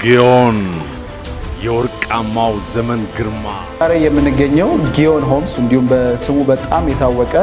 ጊዮን የወርቃማው ዘመን ግርማ። ዛሬ የምንገኘው ጊዮን ሆምስ እንዲሁም በስሙ በጣም የታወቀ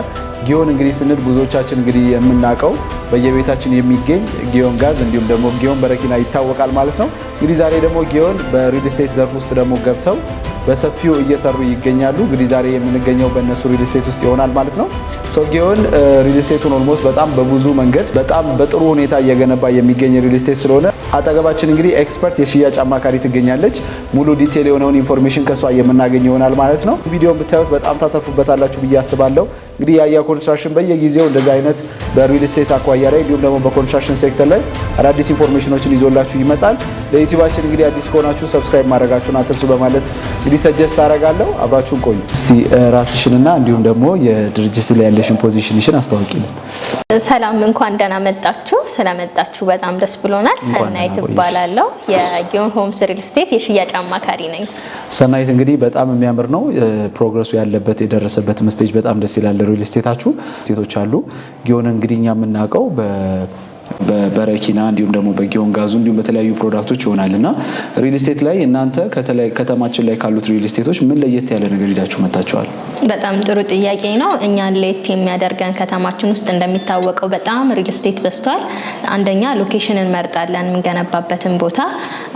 ጊዮን እንግዲህ ስንል ብዙዎቻችን እንግዲህ የምናውቀው በየቤታችን የሚገኝ ጊዮን ጋዝ እንዲሁም ደግሞ ጊዮን በረኪና ይታወቃል ማለት ነው። እንግዲህ ዛሬ ደግሞ ጊዮን በሪል ስቴት ዘርፍ ውስጥ ደግሞ ገብተው በሰፊው እየሰሩ ይገኛሉ። እንግዲህ ዛሬ የምንገኘው በእነሱ ሪል ስቴት ውስጥ ይሆናል ማለት ነው። ሰው ጊዮን ሪል ስቴቱን ኦልሞስት በጣም በብዙ መንገድ በጣም በጥሩ ሁኔታ እየገነባ የሚገኝ ሪል ስቴት ስለሆነ አጠገባችን እንግዲህ ኤክስፐርት የሽያጭ አማካሪ ትገኛለች። ሙሉ ዲቴል የሆነውን ኢንፎርሜሽን ከሷ የምናገኝ ይሆናል ማለት ነው። ቪዲዮን ብታዩት በጣም ታተርፉበታላችሁ ብዬ አስባለሁ። እንግዲህ የአያ ኮንስትራክሽን በየጊዜው እንደዚህ አይነት በሪል ስቴት አኳያ ላይ እንዲሁም ደግሞ በኮንስትራክሽን ሴክተር ላይ አዳዲስ ኢንፎርሜሽኖችን ይዞላችሁ ይመጣል። ለዩቲዩባችን እንግዲህ አዲስ ከሆናችሁ ሰብስክራይብ ማድረጋችሁን አትርሱ በማለት እንግዲህ ሰጀስት አደርጋለሁ። አብራችሁን ቆዩ። እስቲ ራስሽንና እንዲሁም ደግሞ የድርጅት ላይ ያለሽን ፖዚሽንሽን አስታወቂልን። ሰላም እንኳን ደህና መጣችሁ። ስለመጣችሁ በጣም ደስ ብሎናል። ሰናይት እባላለሁ የጊዮን ሆምስ ሪል ስቴት የሽያጭ አማካሪ ነኝ። ሰናይት እንግዲህ በጣም የሚያምር ነው ፕሮግረሱ ያለበት የደረሰበት ምስቴጅ በጣም ደስ ይላል። ሪል ስቴታችሁ ስቴቶች አሉ። ጊዮን እንግዲህ እኛ የምናውቀው በበረኪና እንዲሁም ደግሞ በጊዮን ጋዙ እንዲሁም በተለያዩ ፕሮዳክቶች ይሆናል እና ሪል ስቴት ላይ እናንተ ከተማችን ላይ ካሉት ሪል ስቴቶች ምን ለየት ያለ ነገር ይዛችሁ መጥታችኋል? በጣም ጥሩ ጥያቄ ነው። እኛን ለየት የሚያደርገን ከተማችን ውስጥ እንደሚታወቀው በጣም ሪል ስቴት በዝቷል። አንደኛ ሎኬሽን እንመርጣለን፣ የምንገነባበትን ቦታ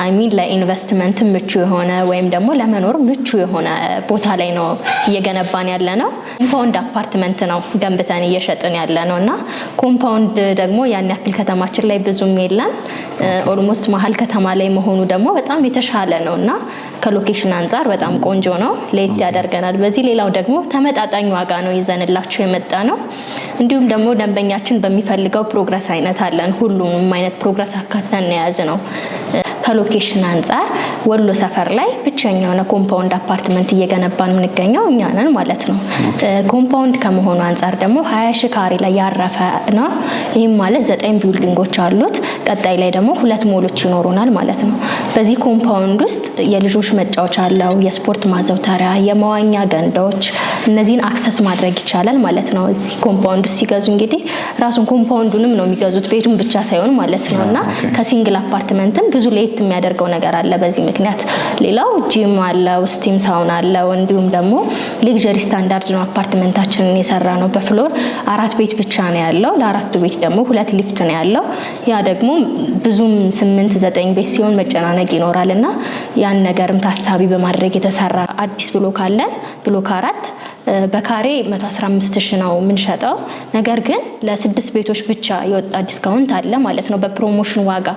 አይሚን ለኢንቨስትመንት ምቹ የሆነ ወይም ደግሞ ለመኖር ምቹ የሆነ ቦታ ላይ ነው እየገነባን ያለ ነው። ኮምፓውንድ አፓርትመንት ነው ገንብተን እየሸጥን ያለ ነው እና ኮምፓውንድ ደግሞ ያን ያክል ከተማችን ላይ ብዙም የለም። ኦልሞስት መሀል ከተማ ላይ መሆኑ ደግሞ በጣም የተሻለ ነው እና ከሎኬሽን አንጻር በጣም ቆንጆ ነው፣ ለየት ያደርገናል። በዚህ ሌላው ደግሞ ተመጣጣኝ ዋጋ ነው ይዘንላችሁ የመጣ ነው። እንዲሁም ደግሞ ደንበኛችን በሚፈልገው ፕሮግረስ አይነት አለን። ሁሉም አይነት ፕሮግረስ አካተን የያዝ ነው። ከሎኬሽን አንጻር ወሎ ሰፈር ላይ ብቸኛ የሆነ ኮምፓውንድ አፓርትመንት እየገነባን የምንገኘው እኛ ነን ማለት ነው። ኮምፓውንድ ከመሆኑ አንጻር ደግሞ ሀያ ሺ ካሬ ላይ ያረፈ ነው። ይህም ማለት ዘጠኝ ቢልዲንጎች አሉት። ቀጣይ ላይ ደግሞ ሁለት ሞሎች ይኖሩናል ማለት ነው። በዚህ ኮምፓውንድ ውስጥ የልጆች መጫወቻ አለው፣ የስፖርት ማዘውተሪያ፣ የመዋኛ ገንዳዎች፣ እነዚህን አክሰስ ማድረግ ይቻላል ማለት ነው። እዚህ ኮምፓውንድ ውስጥ ሲገዙ እንግዲህ ራሱን ኮምፓውንዱንም ነው የሚገዙት ቤቱን ብቻ ሳይሆን ማለት ነው እና ከሲንግል አፓርትመንትም ብዙ ለየት ለየት የሚያደርገው ነገር አለ። በዚህ ምክንያት ሌላው ጂም አለው፣ ስቲም ሳውን አለው። እንዲሁም ደግሞ ሌግጀሪ ስታንዳርድ ነው አፓርትመንታችንን የሰራ ነው። በፍሎር አራት ቤት ብቻ ነው ያለው። ለአራቱ ቤት ደግሞ ሁለት ሊፍት ነው ያለው። ያ ደግሞ ብዙም ስምንት ዘጠኝ ቤት ሲሆን መጨናነቅ ይኖራል እና ያን ነገርም ታሳቢ በማድረግ የተሰራ አዲስ ብሎክ አለን ብሎክ አራት በካሬ 115 ሺ ነው የምንሸጠው። ነገር ግን ለስድስት ቤቶች ብቻ የወጣ ዲስካውንት አለ ማለት ነው በፕሮሞሽን ዋጋ።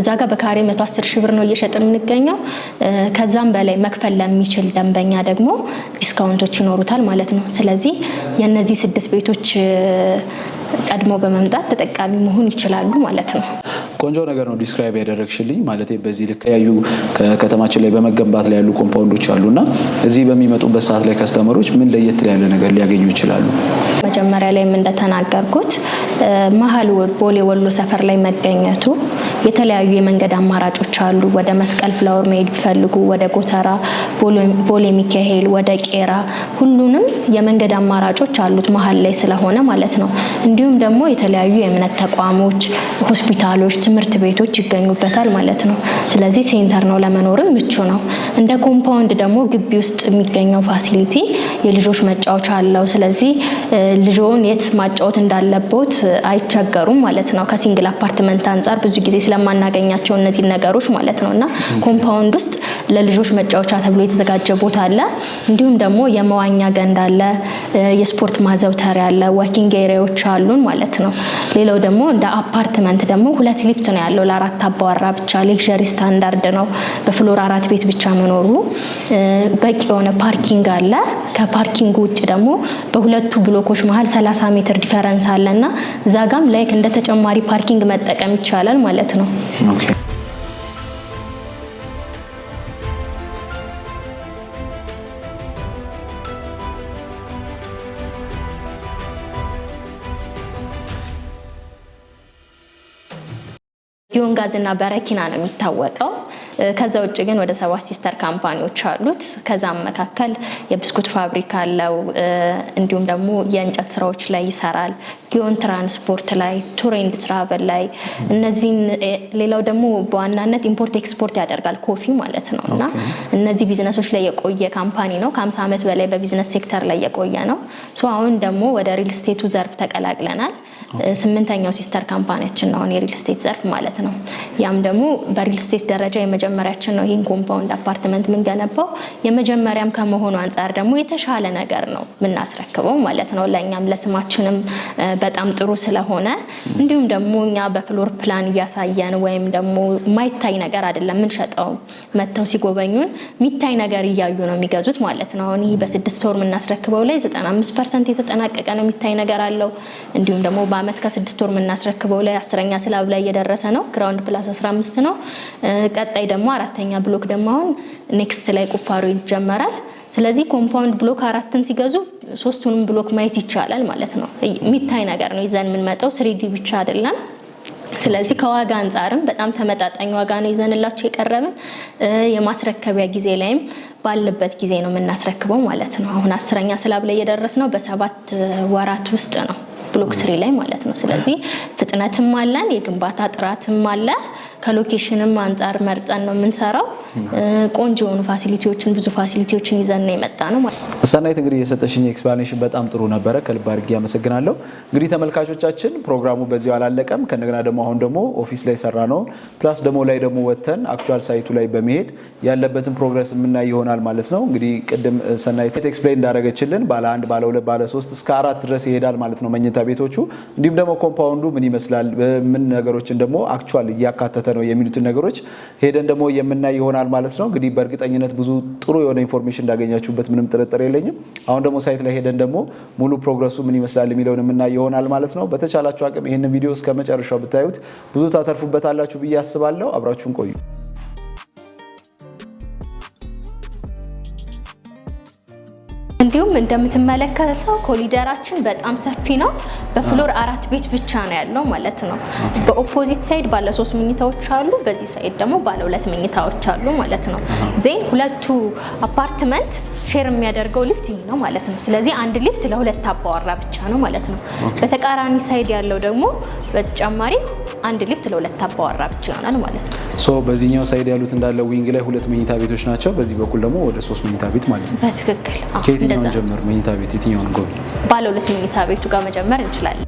እዛ ጋር በካሬ 110 ሺ ብር ነው እየሸጥ የምንገኘው። ከዛም በላይ መክፈል ለሚችል ደንበኛ ደግሞ ዲስካውንቶች ይኖሩታል ማለት ነው። ስለዚህ የእነዚህ ስድስት ቤቶች ቀድሞ በመምጣት ተጠቃሚ መሆን ይችላሉ ማለት ነው። ቆንጆ ነገር ነው ዲስክራይብ ያደረግሽልኝ። ማለት በዚህ ልክ ያዩ ከተማችን ላይ በመገንባት ላይ ያሉ ኮምፓውንዶች አሉና እዚህ በሚመጡበት ሰዓት ላይ ከስተመሮች ምን ለየት ያለ ነገር ሊያገኙ ይችላሉ? መጀመሪያ ላይም እንደተናገርኩት መሀል ቦሌ ወሎ ሰፈር ላይ መገኘቱ የተለያዩ የመንገድ አማራጮች አሉ። ወደ መስቀል ፍላወር መሄድ ቢፈልጉ ወደ ጎተራ፣ ቦሌ ሚካኤል፣ ወደ ቄራ ሁሉንም የመንገድ አማራጮች አሉት መሀል ላይ ስለሆነ ማለት ነው። እንዲሁም ደግሞ የተለያዩ የእምነት ተቋሞች፣ ሆስፒታሎች፣ ትምህርት ቤቶች ይገኙበታል ማለት ነው። ስለዚህ ሴንተር ነው፣ ለመኖርም ምቹ ነው። እንደ ኮምፓውንድ ደግሞ ግቢ ውስጥ የሚገኘው ፋሲሊቲ የልጆች መጫወቻ አለው። ስለዚህ ልጆን የት ማጫወት እንዳለቦት አይቸገሩም ማለት ነው። ከሲንግል አፓርትመንት አንጻር ብዙ ጊዜ ስለማናገኛቸው እነዚህ ነገሮች ማለት ነው እና ኮምፓውንድ ውስጥ ለልጆች መጫወቻ ተብሎ የተዘጋጀ ቦታ አለ። እንዲሁም ደግሞ የመዋኛ ገንዳ አለ፣ የስፖርት ማዘውተሪያ አለ፣ ወኪንግ ኤሪያዎች አሉን ማለት ነው። ሌላው ደግሞ እንደ አፓርትመንት ደግሞ ሁለት ሊፍት ነው ያለው ለአራት አባወራ ብቻ ሌክዠሪ ስታንዳርድ ነው። በፍሎር አራት ቤት ብቻ መኖሩ በቂ የሆነ ፓርኪንግ አለ። ከፓርኪንግ ውጭ ደግሞ በሁለቱ ብሎኮች መሀል 30 ሜትር ዲፈረንስ አለ እና እዛ ጋም ላይክ እንደ ተጨማሪ ፓርኪንግ መጠቀም ይቻላል ማለት ነው። ዮን ጋዝና በረኪና ነው የሚታወቀው። ከዛ ውጭ ግን ወደ ሰባት ሲስተር ካምፓኒዎች አሉት። ከዛም መካከል የብስኩት ፋብሪካ አለው። እንዲሁም ደግሞ የእንጨት ስራዎች ላይ ይሰራል። ጊዮን ትራንስፖርት ላይ፣ ቱሬንድ ትራቨል ላይ እነዚህን ሌላው ደግሞ በዋናነት ኢምፖርት ኤክስፖርት ያደርጋል ኮፊ ማለት ነው እና እነዚህ ቢዝነሶች ላይ የቆየ ካምፓኒ ነው። ከ50 ዓመት በላይ በቢዝነስ ሴክተር ላይ የቆየ ነው። አሁን ደግሞ ወደ ሪል ስቴቱ ዘርፍ ተቀላቅለናል። ስምንተኛው ሲስተር ካምፓኒያችን ነው የሪል ስቴት ዘርፍ ማለት ነው። ያም ደግሞ በሪል ስቴት ደረጃ የመጀመሪያችን ነው። ይህን ኮምፓውንድ አፓርትመንት የምንገነባው የመጀመሪያም ከመሆኑ አንጻር ደግሞ የተሻለ ነገር ነው የምናስረክበው ማለት ነው። ለእኛም ለስማችንም በጣም ጥሩ ስለሆነ እንዲሁም ደግሞ እኛ በፍሎር ፕላን እያሳየን ወይም ደግሞ የማይታይ ነገር አይደለም የምንሸጠው። መጥተው ሲጎበኙን የሚታይ ነገር እያዩ ነው የሚገዙት ማለት ነው። አሁን ይህ በስድስት ወር የምናስረክበው ላይ 95 ፐርሰንት የተጠናቀቀ ነው፣ የሚታይ ነገር አለው። እንዲሁም ደግሞ ዓመት ከስድስት ወር የምናስረክበው ላይ አስረኛ ስላብ ላይ እየደረሰ ነው። ግራውንድ ፕላስ 15 ነው። ቀጣይ ደግሞ አራተኛ ብሎክ ደግሞ አሁን ኔክስት ላይ ቁፋሮ ይጀመራል። ስለዚህ ኮምፓውንድ ብሎክ አራትን ሲገዙ ሶስቱንም ብሎክ ማየት ይቻላል ማለት ነው። የሚታይ ነገር ነው ይዘን የምንመጣው ስሪዲ ብቻ አይደለም። ስለዚህ ከዋጋ አንጻርም በጣም ተመጣጣኝ ዋጋ ነው ይዘንላቸው የቀረብን። የማስረከቢያ ጊዜ ላይም ባለበት ጊዜ ነው የምናስረክበው ማለት ነው። አሁን አስረኛ ስላብ ላይ ነው በሰባት ወራት ውስጥ ነው። ክሎክ ስሪ ላይ ማለት ነው። ስለዚህ ፍጥነትም አለን፣ የግንባታ ጥራትም አለ። ከሎኬሽንም አንጻር መርጠን ነው የምንሰራው። ቆንጆ የሆኑ ፋሲሊቲዎችን ብዙ ፋሲሊቲዎችን ይዘን ነው የመጣ ነው ማለት ነው። ሰናይት እንግዲህ የሰጠሽኝ ኤክስፕላኔሽን በጣም ጥሩ ነበረ። ከልብ አድርጌ አመሰግናለሁ። እንግዲህ ተመልካቾቻችን ፕሮግራሙ በዚሁ አላለቀም። ከእንደገና ደግሞ አሁን ደግሞ ኦፊስ ላይ ሰራ ነው ፕላስ ደግሞ ላይ ደግሞ ወጥተን አክቹዋል ሳይቱ ላይ በመሄድ ያለበትን ፕሮግረስ የምናይ ይሆናል ማለት ነው። እንግዲህ ቅድም ሰናይት ኤክስፕሌን እንዳደረገችልን ባለ አንድ ባለ ሁለት ባለ ሶስት እስከ አራት ድረስ ይሄዳል ማለት ነው መኝታ ቤቶቹ እንዲሁም ደግሞ ኮምፓውንዱ ምን ይመስላል ምን ነገሮችን ደግሞ አክቹዋል እያካተተ የተካተተ ነው የሚሉትን ነገሮች ሄደን ደግሞ የምናይ ይሆናል ማለት ነው። እንግዲህ በእርግጠኝነት ብዙ ጥሩ የሆነ ኢንፎርሜሽን እንዳገኛችሁበት ምንም ጥርጥር የለኝም። አሁን ደግሞ ሳይት ላይ ሄደን ደግሞ ሙሉ ፕሮግረሱ ምን ይመስላል የሚለውን የምናይ ይሆናል ማለት ነው። በተቻላችሁ አቅም ይህንን ቪዲዮ እስከ መጨረሻው ብታዩት ብዙ ታተርፉበታላችሁ ብዬ አስባለሁ። አብራችሁን ቆዩ። እንዲሁም እንደምትመለከተው ኮሊደራችን በጣም ሰፊ ነው። በፍሎር አራት ቤት ብቻ ነው ያለው ማለት ነው። በኦፖዚት ሳይድ ባለ ሶስት መኝታዎች አሉ፣ በዚህ ሳይድ ደግሞ ባለ ሁለት መኝታዎች አሉ ማለት ነው። ዜን ሁለቱ አፓርትመንት ሼር የሚያደርገው ሊፍት ይህ ነው ማለት ነው። ስለዚህ አንድ ሊፍት ለሁለት አባወራ ብቻ ነው ማለት ነው። በተቃራኒ ሳይድ ያለው ደግሞ በተጨማሪ አንድ ሊፍት ለሁለት አባዋራ ብቻ ይሆናል ማለት ነው። ሶ በዚህኛው ሳይድ ያሉት እንዳለ ዊንግ ላይ ሁለት መኝታ ቤቶች ናቸው። በዚህ በኩል ደግሞ ወደ ሶስት መኝታ ቤት ማለት ነው። በትክክል ከየትኛውን ጀምር መኝታ ቤት የትኛውን ጎብኝ? ባለ ሁለት መኝታ ቤቱ ጋር መጀመር እንችላለን።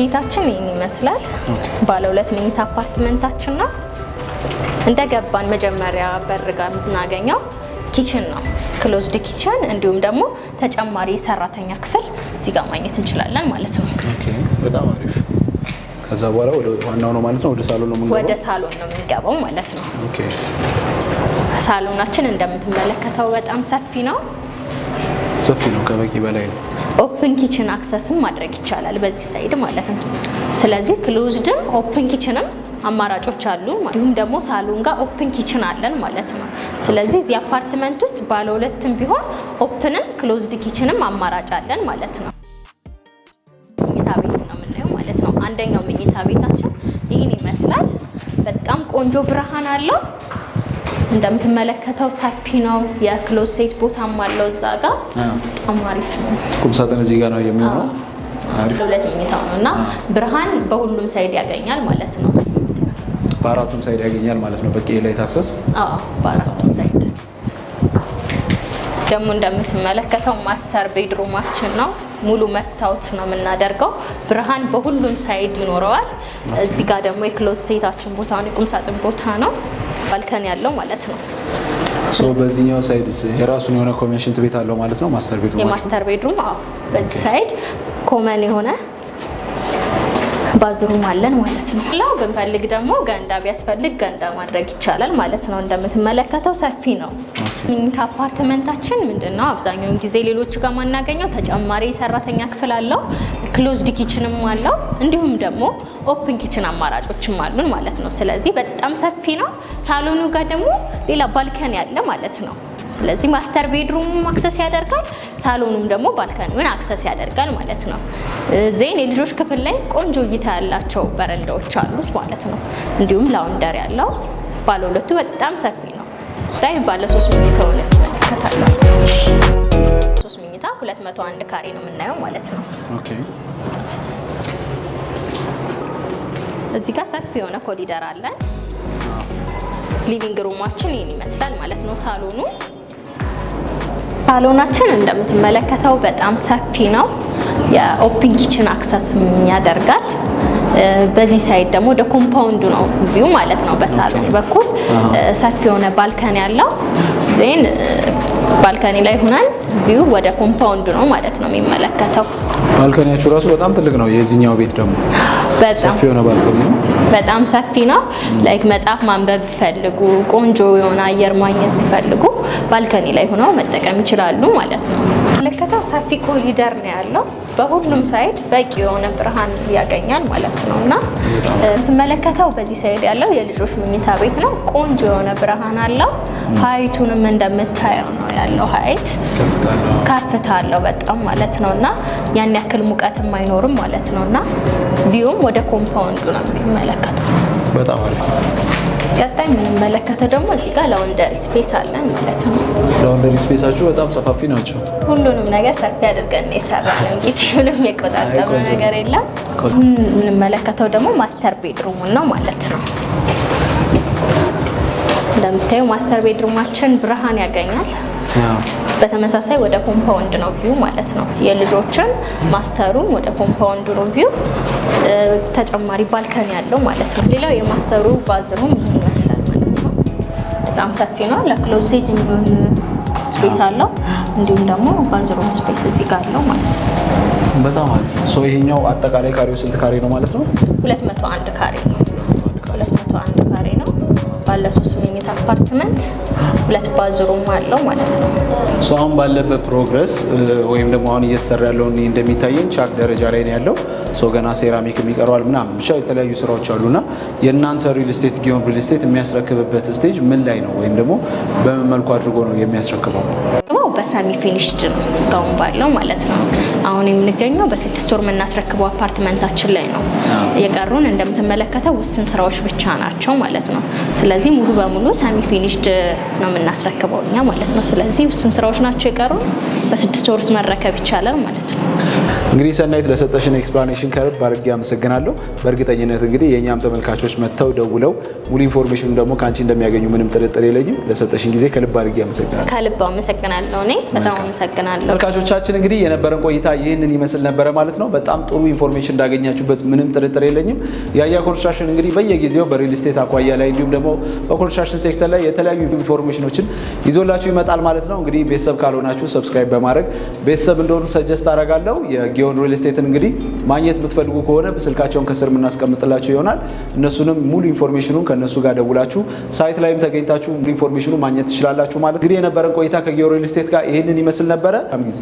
ጌታችን ይህን ይመስላል። ባለ ሁለት መኝታ አፓርትመንታችን ነው። እንደገባን መጀመሪያ በር ጋር የምናገኘው ኪችን ነው። ክሎዝድ ኪችን እንዲሁም ደግሞ ተጨማሪ የሰራተኛ ክፍል እዚህ ጋር ማግኘት እንችላለን ማለት ነው። በጣም አሪፍ። ከዛ በኋላ ወደ ዋናው ነው ማለት ነው። ወደ ሳሎን ነው ወደ ሳሎን ነው የምንገባው ማለት ነው። ሳሎናችን እንደምትመለከተው በጣም ሰፊ ነው። ሰፊ ነው፣ ከበቂ በላይ ነው። ኦፕን ኪችን አክሰስም ማድረግ ይቻላል በዚህ ሳይድ ማለት ነው። ስለዚህ ክሎዝድም ኦፕን ኪችንም አማራጮች አሉ። እንዲሁም ደግሞ ሳሎን ጋር ኦፕን ኪችን አለን ማለት ነው። ስለዚህ እዚህ አፓርትመንት ውስጥ ባለ ሁለትም ቢሆን ኦፕንም ክሎዝድ ኪችንም አማራጭ አለን ማለት ነው። መኝታ ቤት ነው የምናየው ማለት ነው። አንደኛው መኝታ ቤታችን ይህን ይመስላል። በጣም ቆንጆ ብርሃን አለው። እንደምትመለከተው ሰፊ ነው። የክሎሴት ቦታም አለው እዛ ጋ አሪፍ ነው። ቁምሳጥን እዚህ ጋር ነው የሚሆነው። ሁለት ነው እና ብርሃን በሁሉም ሳይድ ያገኛል ማለት ነው። በአራቱም ሳይድ ያገኛል ማለት ነው። በቂ ላይ ታክሰስ በአራቱም ሳይድ ደግሞ እንደምትመለከተው ማስተር ቤድሩማችን ነው። ሙሉ መስታወት ነው የምናደርገው። ብርሃን በሁሉም ሳይድ ይኖረዋል። እዚህ ጋር ደግሞ ሴታችን ቦታ ነው፣ የቁምሳጥን ቦታ ነው። ባልከን ያለው ማለት ነው። ሶ በዚህኛው ሳይድ የራሱን የሆነ ኮመን ሽንት ቤት አለው ማለት ነው። ማስተር ቤድሩም የማስተር ቤድሩም አዎ፣ በዚህ ሳይድ ኮመን የሆነ ባዝሩም አለን ማለት ነው። ላው ብንፈልግ ደግሞ ገንዳ ቢያስፈልግ ገንዳ ማድረግ ይቻላል ማለት ነው። እንደምትመለከተው ሰፊ ነው። ምኝታ አፓርትመንታችን ምንድነው አብዛኛውን ጊዜ ሌሎች ጋር ማናገኘው ተጨማሪ ሰራተኛ ክፍል አለው። ክሎዝድ ኪችንም አለው እንዲሁም ደግሞ ኦፕን ኪችን አማራጮችም አሉን ማለት ነው። ስለዚህ በጣም ሰፊ ነው። ሳሎኑ ጋር ደግሞ ሌላ ባልከን ያለ ማለት ነው። ስለዚህ ማስተር ቤድሩም አክሰስ ያደርጋል፣ ሳሎኑም ደግሞ ባልከኒውን አክሰስ ያደርጋል ማለት ነው። ዜን የልጆች ክፍል ላይ ቆንጆ እይታ ያላቸው በረንዳዎች አሉት ማለት ነው። እንዲሁም ላውንደር ያለው ባለ ሁለቱ በጣም ሰፊ ነው። ዛይ ባለ ሶስት መኝታውን እንመለከታለን። መኝታ 201 ካሬ ነው የምናየው ማለት ነው። ኦኬ እዚህ ጋር ሰፊ የሆነ ኮሊደር አለን። ሊቪንግ ሩማችን ይህን ይመስላል ማለት ነው። ሳሎኑ ሳሎናችን እንደምትመለከተው በጣም ሰፊ ነው። የኦፕን ኪችን አክሰስ ያደርጋል። በዚህ ሳይድ ደግሞ ወደ ኮምፓውንዱ ነው ቪው ማለት ነው። በሳሎን በኩል ሰፊ የሆነ ባልከን ያለው ዜን ባልከኒ ላይ ሆነን ቪው ወደ ኮምፓውንድ ነው ማለት ነው የሚመለከተው። ባልኮኒያችሁ ራሱ በጣም ትልቅ ነው የዚህኛው ቤት ደግሞ በጣም ሰፊ ነው። ላይክ መጽሐፍ ማንበብ ቢፈልጉ ቆንጆ የሆነ አየር ማግኘት ቢፈልጉ ባልከኒ ላይ ሆነው መጠቀም ይችላሉ ማለት ነው። መለከተው ሰፊ ኮሪደር ነው ያለው። በሁሉም ሳይድ በቂ የሆነ ብርሃን ያገኛል ማለት ነው እና ስመለከተው በዚህ ሳይድ ያለው የልጆች መኝታ ቤት ነው። ቆንጆ የሆነ ብርሃን አለው። ሀይቱንም እንደምታየው ነው ያለው። ሀይት ከፍታ አለው በጣም ማለት ነው እና ያን ያክል ሙቀትም አይኖርም ማለት ነው እና ቪውም ወደ ኮምፓውንዱ ነው የምንመለከተው። በጣም አሪፍ። ቀጣይ የምንመለከተው ደግሞ እዚህ ጋር ላውንደሪ ስፔስ አለን ማለት ነው። ላውንደሪ ስፔሳችሁ በጣም ሰፋፊ ናቸው። ሁሉንም ነገር ሰፊ አድርገን የሰራነው እንጂ ሲሆንም ነገር የለም። የምንመለከተው ደግሞ ማስተር ቤድሩም ነው ማለት ነው። እንደምታዩ ማስተር ቤድሩማችን ብርሃን ያገኛል። በተመሳሳይ ወደ ኮምፓውንድ ነው ቪው ማለት ነው። የልጆችም ማስተሩም ወደ ኮምፓውንድ ነው ቪው ተጨማሪ ባልከን ያለው ማለት ነው። ሌላው የማስተሩ ባዝሩም ይህን ይመስላል ማለት ነው። በጣም ሰፊ ነው። ለክሎዜት የሚሆን ስፔስ አለው። እንዲሁም ደግሞ ባዝሩም ስፔስ እዚህ ጋር አለው ማለት ነው። በጣም አሪፍ ነው። ይሄኛው አጠቃላይ ካሬው ስንት ካሬ ነው ማለት ነው? 201 መቶ ካሬ ነው። 201 መቶ ካሬ ነው ባለ 3 ሶስት አፓርትመንት ሁለት ባዝሩም አለው ማለት ነው። አሁን ባለበት ፕሮግረስ ወይም ደግሞ አሁን እየተሰራ ያለው እንደሚታየን ቻክ ደረጃ ላይ ነው ያለው። ገና ሴራሚክ የሚቀረዋል ምናምን ብቻ የተለያዩ ስራዎች አሉና የእናንተ ሪል ስቴት ጊዮን ሪል ስቴት የሚያስረክብበት ስቴጅ ምን ላይ ነው? ወይም ደግሞ በምን መልኩ አድርጎ ነው የሚያስረክበው? በሰሚ ፊኒሽድ ነው እስካሁን ባለው ማለት ነው። አሁን የምንገኘው በስድስት ወር የምናስረክበው አፓርትመንታችን ላይ ነው። የቀሩን እንደምትመለከተው ውስን ስራዎች ብቻ ናቸው ማለት ነው። ስለዚህ ሙሉ በሙሉ ሰሚ ፊኒሽድ ነው የምናስረክበው እኛ ማለት ነው። ስለዚህ ውስን ስራዎች ናቸው የቀሩ። በስድስት ወር መረከብ ይቻላል ማለት ነው። እንግዲህ ሰናይት ለሰጠሽን ኤክስፕላኔሽን ከርብ አድርጌ አመሰግናለሁ። በእርግጠኝነት እንግዲህ የእኛም ተመልካቾች መጥተው ደውለው ሙሉ ኢንፎርሜሽኑ ደግሞ ከአንቺ እንደሚያገኙ ምንም ጥርጥር የለኝም። ለሰጠሽን ጊዜ ከልብ አድርጌ አመሰግናለሁ። ከልብ አመሰግናለሁ። እኔ በጣም አመሰግናለሁ። ተመልካቾቻችን እንግዲህ የነበረን ቆይታ ይህንን ይመስል ነበረ ማለት ነው። በጣም ጥሩ ኢንፎርሜሽን እንዳገኛችሁበት ምንም ጥርጥር የለኝም። ያያ ኮንስትራክሽን እንግዲህ በየጊዜው በሪል ስቴት አኳያ ላይ እንዲሁም ደግሞ በኮንስትራክሽን ሴክተር ላይ የተለያዩ ኢንፎርሜሽኖችን ይዞላችሁ ይመጣል ማለት ነው። እንግዲህ ቤተሰብ ካልሆናችሁ ሰብስክራይብ በማድረግ ቤተሰብ እንደሆኑ ሰጀስት አደርጋለሁ። የሆን ሪል ስቴትን እንግዲህ ማግኘት የምትፈልጉ ከሆነ ስልካቸውን ከስር የምናስቀምጥላችሁ ይሆናል። እነሱንም ሙሉ ኢንፎርሜሽኑን ከእነሱ ጋር ደውላችሁ ሳይት ላይም ተገኝታችሁ ሙሉ ኢንፎርሜሽኑ ማግኘት ትችላላችሁ። ማለት እንግዲህ የነበረን ቆይታ ከጊዮን ሪል ስቴት ጋር ይህንን ይመስል ነበረ ጊዜ